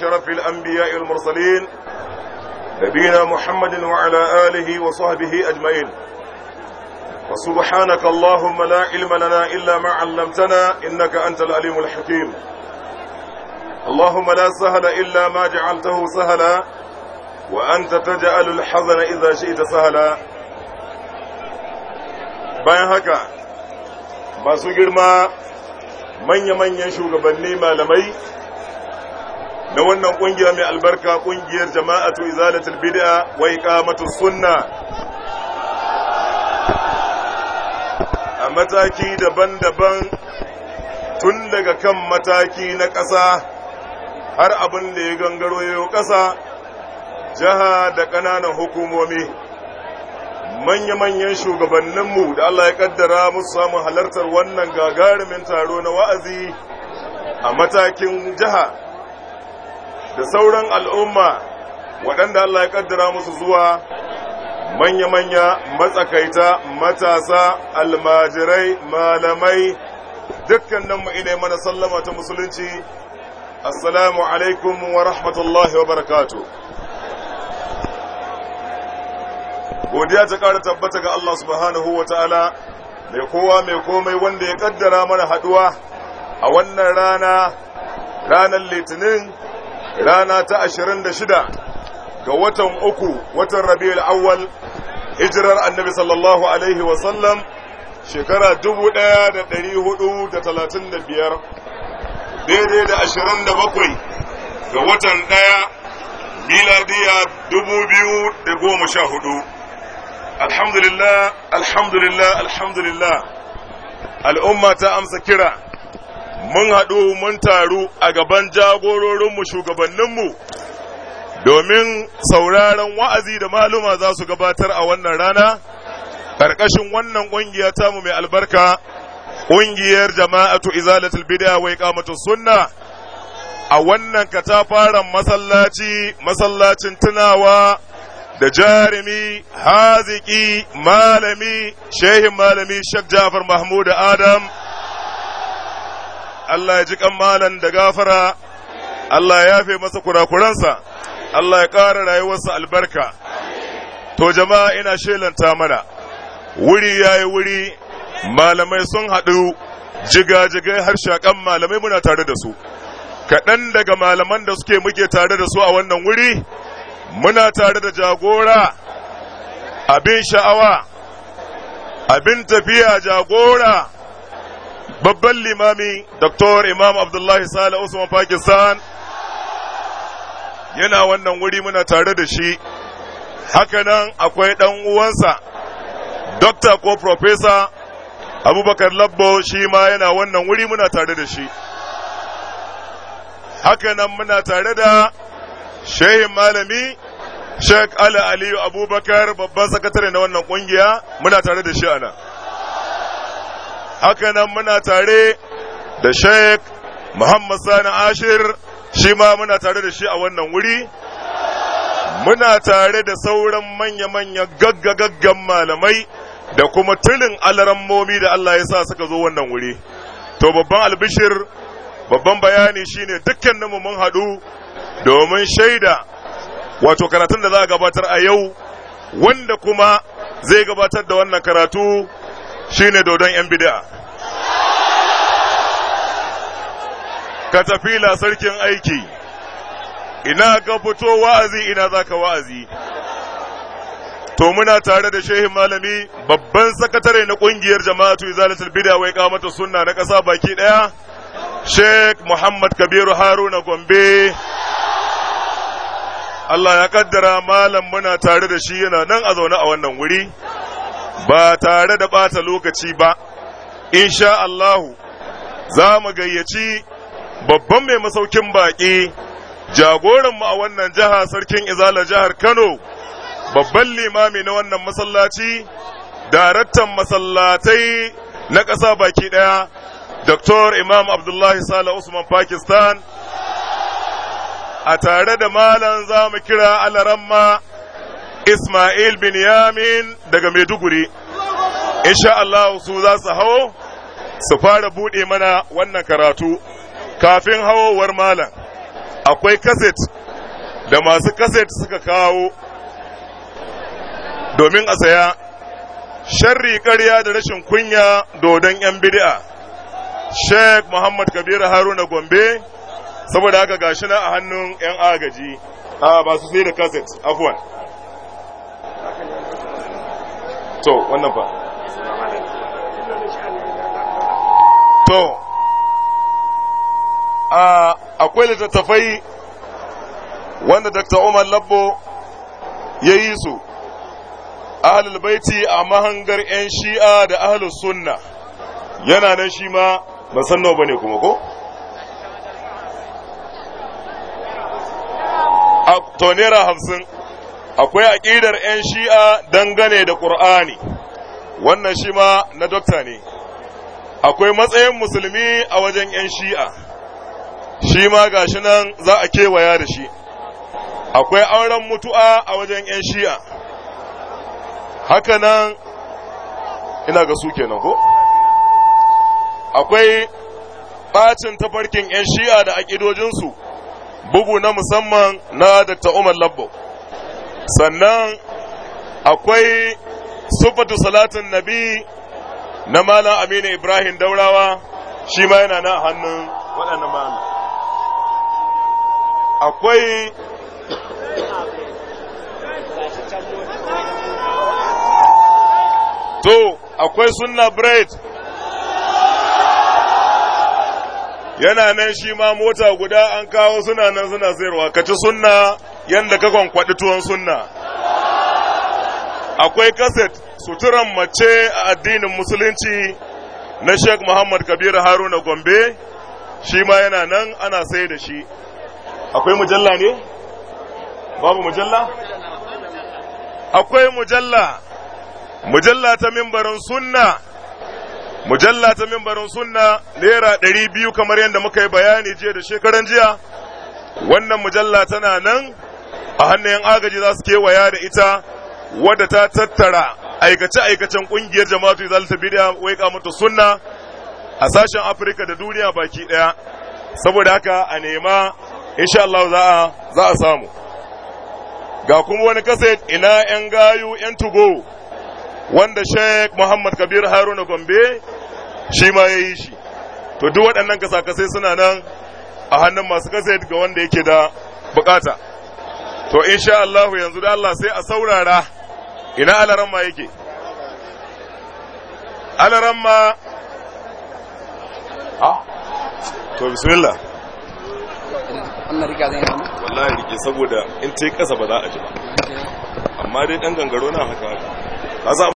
شرف الأنبياء المرسلين نبينا محمد وعلى آله وصحبه أجمعين وسبحانك اللهم لا علم لنا إلا ما علمتنا إنك أنت الأليم الحكيم اللهم لا سهل إلا ما جعلته سهلا وأنت تجعل الحزن إذا شئت سهلا bayan haka masu girma manya-manyan shugabanni malamai da wannan kungiya mai albarka kungiyar jama'atu izalatul bid'a wa iqamatus sunna a mataki daban-daban tun daga kan mataki na ƙasa har abin da ya gangaro yau ƙasa jaha, da ƙananan hukumomi manya-manyan shugabanninmu da Allah ya ƙaddara musu samun halartar wannan gagarumin taro na wa'azi a matakin jaha. da sauran al'umma waɗanda Allah ya ƙaddara musu zuwa manya-manya matsakaita matasa almajirai malamai dukkaninmu ina mana sallama ta musulunci assalamu alaikum wa rahmatullahi wa barakatu godiya ta ƙara tabbata ga Allah subhanahu wa ta'ala mai kowa mai komai wanda ya ƙaddara mana haɗuwa a wannan rana ranar litinin rana ta 26 ga watan uku watan rabiul awwal hijirar annabi sallallahu alaihi wa sallam shekara 1435 daidai da 27 ga watan daya miladiya 2014 alhamdulillah alhamdulillah alhamdulillah al'umma ta amsa kira mun haɗu mun taru a gaban jagororinmu shugabanninmu domin sauraron wa'azi da maluma za su gabatar a wannan rana ƙarƙashin wannan ƙungiya mu mai albarka ƙungiyar jama'atu izalatul bid'a wa iqamatus sunna a wannan ka katafaren masallaci masallacin tunawa da jarumi haziki malami shehin malami shek Jafar Mahmud Adam Allah ya ji kammalan da gafara Allah ya yafe masa kurakuransa Allah ya ƙara rayuwarsa albarka to jama'a ina shelanta mana wuri yayi wuri malamai sun haɗu Jiga-jigai jiga-jiga har shakan malamai muna tare da su kaɗan daga malaman da suke muke tare da su a wannan wuri muna tare da jagora abin sha'awa abin tafiya jagora babban limami Dr. Imam Abdullahi Sale Usman Pakistan yana wannan wuri muna tare da shi hakanan akwai ɗan uwansa Dr. ko Professor Abubakar Labbo shi ma yana wannan wuri muna tare da shi hakanan muna tare da shehin malami Sheikh Ali Aliyu Abubakar babban sakatare na wannan kungiya muna tare da shi a nan haka nan muna tare da Sheikh muhammad sani ashir shi ma muna tare da shi a wannan wuri muna tare da sauran manya-manya gagga malamai da kuma tilin momi da Allah ya sa suka zo wannan wuri to babban albishir babban bayani shine dukkaninmu mun hadu domin shaida wato karatun da za a gabatar a yau wanda kuma zai gabatar da wannan karatu Shi ne dodon yan Ka tafi sarkin aiki ina ka fito wa'azi ina za ka wa'azi to muna tare da shehin malami babban sakatare na kungiyar jama'atu izalatul bid'a wai kamata sunna na ƙasa baki ɗaya. Sheikh Muhammad Kabiru Haruna Gombe Allah ya kaddara malam muna tare da shi yana nan a zaune a wannan wuri ba tare da ɓata lokaci ba insha Allahu za mu gayyaci babban mai masaukin baƙi jagoranmu a wannan jiha sarkin izala jihar Kano babban limami na wannan masallaci daraktan masallatai na ƙasa baki ɗaya Dr. Imam Abdullahi Sala Usman Pakistan a tare da malam za mu kira alaramma Ismail bin Yamin daga Maiduguri insha Allah su za su hawo su fara buɗe mana wannan karatu kafin hawowar malam akwai kaset da masu kaset suka kawo domin a saya sharri ƙarya da rashin kunya dodon 'yan bid'a sheikh muhammad kabir haruna gombe saboda haka gashi na a hannun 'yan agaji a ba su sai da kaset afuwan to wannan ba to akwai littattafai wanda dr umar labbo ya yi su ahalul baiti a mahangar 'yan shi'a da ahalul sunna yana nan shi ma ban nawa ba ne kuma ko? to naira hamsin akwai aƙidar 'yan shi'a dangane da ƙur'ani wannan shi ma na dokta ne akwai matsayin musulmi a wajen 'yan shi'a shi ma ga shi nan za a kewaya da shi akwai auren mutu'a a wajen 'yan shi'a haka nan ina ga su kenan ko akwai ɓacin tafarkin 'yan shi'a da aƙidojinsu bugu na musamman na dr umar labbo sannan akwai sufatu salatin nabi na malam aminu ibrahim daurawa shi ma yana nan hannun waɗannan malam akwai to akwai sunna bread yana nan shi ma mota guda an kawo suna nan suna sayarwa kaci sunna Yanda ka kwankwaɗi tuwon sunna akwai kaset suturan mace a addinin musulunci na sheikh muhammad kabiru haruna gombe shi ma yana nan ana sai da shi akwai mujalla ne babu mujalla akwai mujalla mujalla ta mimbarin sunna mujalla ta mimbarin sunna naira ɗari biyu kamar yadda muka yi bayani jiya da shekaran jiya wannan mujalla tana nan a hannun agaji za su kewaya da ita wadda ta tattara aikace-aikacen kungiyar jama'atu za ta da wai kamata sunna a sashen afirka da duniya baki daya saboda haka a nema insha Allah za a samu ga kuma wani kaset ina yan gayu yan tugo wanda sheikh muhammad kabir haruna gombe shi ma ya yi shi to duk waɗannan kasa-kasai suna nan a hannun masu kaset ga wanda yake da bukata to sha Allah yanzu da Allah sai a saurara ina ma yake ma a to bismillah Allah rika zai yana wallahi rike saboda in ta yi kasa ba za a ji ba amma dai dan gangaro na haka haka